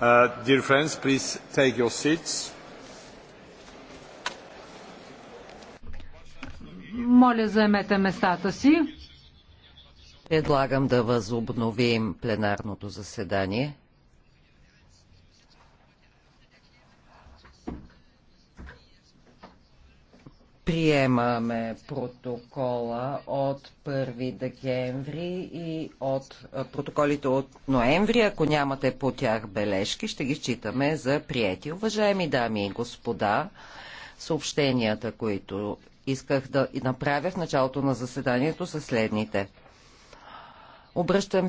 Uh, dear friends, please take your seats. Моля, заемете местата си. Предлагам да възобновим пленарното заседание. Приемаме протокола от 1 декември и от протоколите от ноември. Ако нямате по тях бележки, ще ги считаме за прияти. Уважаеми дами и господа, съобщенията, които исках да направя в началото на заседанието са следните. Обръщам